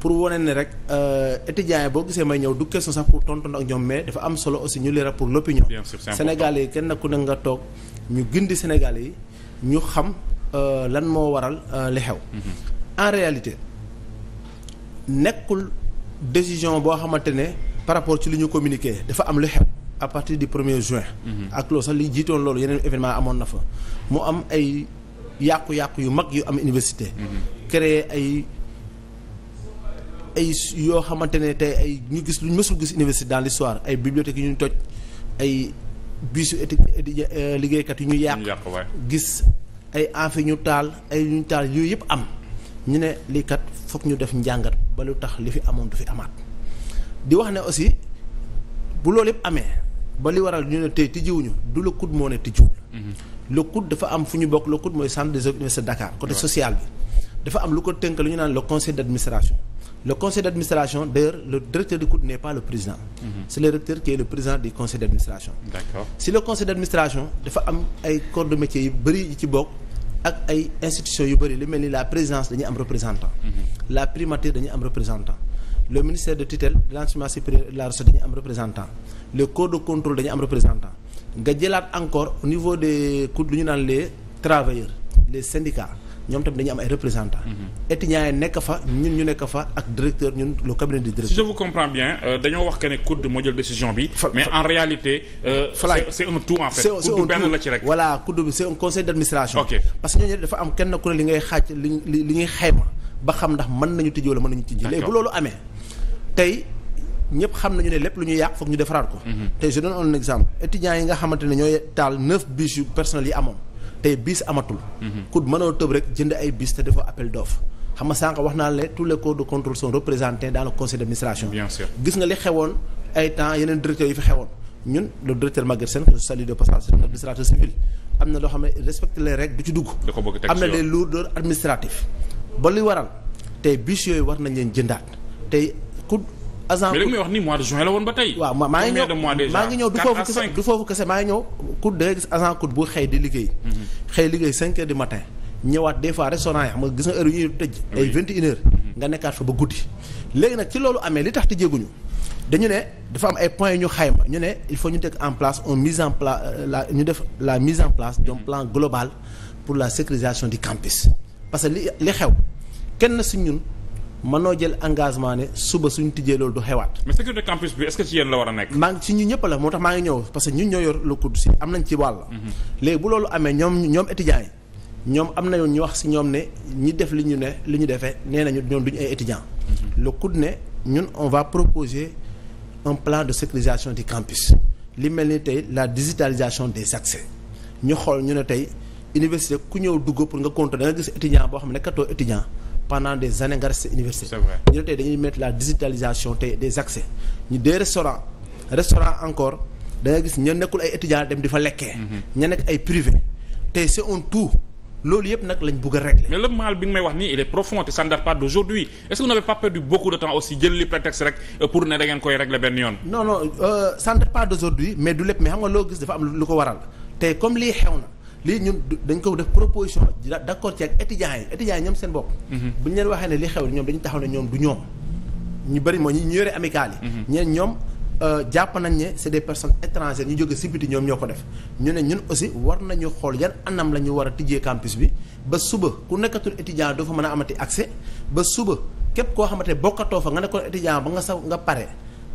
pour wane ne rek euh, étudiants yi boo gisee may ñëw du question sax pour tonton ak ñoom mais dafa am solo aussi ñu leeral pour l'opinion Sénégalais yi kenn ku ne nga toog ñu gindi Sénégalais yi ñu xam euh, lan moo waral euh, li xew mhm. en réalité nekkul décision boo xamante ne par rapport ci li ñu communiqué dafa am lu xew à partir du premier juin mhm. ak loolu sax li jiitoon loolu yeneen événement amoon na fa mu am ay yàqu-yàqu yu mag yu am université mhm. créer ay ay yoo xamante ne tey ay ñu gis luñ mësul gis université dans l'histoire ay bibliothèques yu ñu toj ay bisu euh, liggéeykat yu ñu yàq gis ay amphi ñu taal ay ñu taal yooyu yëpp am ñu ne lii kat foog ñu def njàngat ba lu tax li fi amoon du fi amaat di wax ne aussi bu loolu yëpp amee ba li waral ñu ne tey tijjiwuñu du la COUD moo ne tijjiwul mhm. le dafa am fu ñu bokk le COUD mooy centre des universités Dakar social bi dafa am lu ko tënk lu ñu naan le conseil d'administration le conseil d'administration d'ailleurs le directeur du COUD n'est pas le président mm -hmm. c'est le directeur qui est le président du conseil d'administration si le conseil d'administration dafa am ay corps de métier yu bëri yi ci bokk ak ay institutions yu bëri li mel ni la présidence dañuy am représentant mm la primature dañuy am représentant le ministère de tutelle de l'enseignement supérieur de la dañuy am représentant le corps de contrôle dañuy am représentant nga jëlaat encore au niveau des COUD lu ñu naan les travailleurs les syndicats ñoom tamit dañu am ay représentants. Mhm. étudiants yi nekk fa ñun ñu nekk fa ak directeur ñun le cabinet du directeur. si je vous comprends bien euh, dañoo wax que ne COUD moo jël décision bi. mais en réalité. parce que ñooñu dafa am kenn ku ne li ngay xaaj li li ngay xayma ba xam ndax mën nañu tijji wala mën nañu tijji. léegi bu loolu amee tey. ñëpp xam nañu ne lépp lu ñuy yàq foog ñu defaraat ko. Mhm. tey je donne un exemple étudiants yi nga xamante ne ñooy taal neuf bus yu personnels yi amoon. tey bis amatul. ku mënoo tëb rek jënd ay bis te dafa appel d'offre xam nga wax naa la tous les corps de contrôle sont représentés dans conseil d'administration. bien gis nga li xewoon ay temps yeneen directeurs yu fi xewoon ñun le directeur Maguette Sène que je salue de passage administrateur civil am na loo xam respecte les règles du ci dugg. am na les lourdeurs administratives ba luy waral tey bis yooyu war nañ leen jëndaat tey ku agent mais li muy wax ni mois de juin la woon ba tey. waaw maa ngi ñëw maa ngi ñëw du foofu kese du foofu kese maa gis agent COUD bu xëy di liggéey. Mhm. xëy liggéey 5 heures du matin. ñëwaat des fois restaurant yi xam nga gis nga heure yu mhm. nga nekkaat fa ba guddi. léegi nag ci loolu amee li tax tëjeeguñu dañu ne dafa am ay points yu ñu xayma ñu ne il faut ñu teg en place une mise en place euh, la ñu def la mise en place d'un mhm. plan global pour la sécurisation du campus parce que li li xew kenn si ñun mënoo jël engagement ne suba suñu tijjee loolu du xewaat. que ci yéen la war a nekk. maa ngi ci ñun ñëpp la moo tax maa ngi ñëw parce que ñun ñoo yor le COUD si am nañ ci wàll. Mhm. léegi bu loolu amee ñoom ñoom étudiants yi ñoom am na ñu wax si ñoom ne ñi def li ñu ne li ñu defee nee nañu ñoom duñu ay étudiants. Mhm. le COUD ne ñun on va proposer un plan de sécurisation de campus li mel ni tey la digitalisation des accès ñu xool ñu ne tey université ku ñëw dugg pour nga compte da nga ne nekkatoo étudiant. pendant des années nga resté université. c'est vrai ñu ne dañuy mettre la digitalisation tey des accès ñu des restaurants restaurant encore da nga gis ña nekkul ay étudiants dem di fa lekkee. Mhm. ña nekk ay privé tey c'est un tout. loolu yëpp nag lañ bëgg a régler. mais le mal bi nga may wax nii il est profond te ça pas de temps aussi jël li prétexte rek euh, pour ne da ngeen koy régler benn yoon. non non euh, ça ne date pas d'aujourd'hui mais du lépp mais xam nga loo gis dafa am lu ko waral te comme lii xew na. lii ñun dañ ko def proposition d' accord ci ak étudiants yi étudiants yi ñoom seen bopp. Mhm. bu ñu leen waxee ne li xew ñoom dañu taxaw ne ñoom du ñoom. ñu bëri mooy ñu yore amicale yi. Mhm. ñeen ñoom euh, jàpp nañ ne c' est des personnes ñu jóge si ñoom ñoo ko def ñu ne ñun aussi war nañu xool yan anam la ñu a tijjee campus bi ba suba ku nekkatul étudiant doo fa mën a amati accès ba suba képp koo xamante bokkatoo fa nga nekkoon étudiant ba nga sa nga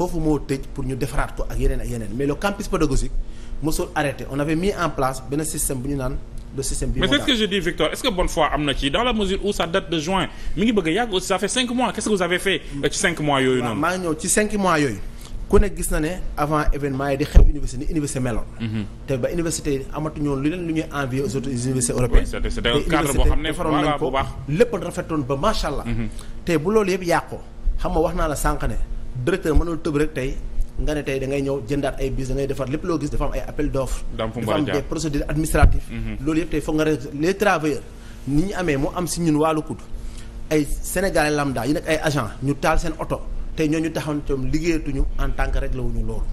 foofu moo tëj pour ñu defaraat ko ak yeneen ak yeneen mais le campus pédagogique mosul arrêté on avait mis en place benn système bu ñu naan le système bi mais c'est ce ngi bëgg yàgg aussi ça fait cinq mois que vous avez euh, cinq mois yooyu noonu maa ngi ñëw ci cinq mois yooyu ku ne gis na ne avant événement yi di xew université ni université meloon. Mhm. te ba université yi lu leen lu ñuy envier aux autres universités européennes. te université defaroon nañ ko lépp rafetoon directeur mënul tëb rek tey nga ne tey da ñëw jëndaat ay bis da ngay defar lépp loo gis dafa am ay appel d'offres dafa am des procédures administratives mhm. loolu yëpp tey foog nga rek les travailleurs ni ñu amee mu am si ñun wàllu kudd ay sénégalais lambda yi nag ay agent ñu taal seen oto tey ñu taxaw itam liggéeyatuñu en tant que réglé wuñu loolu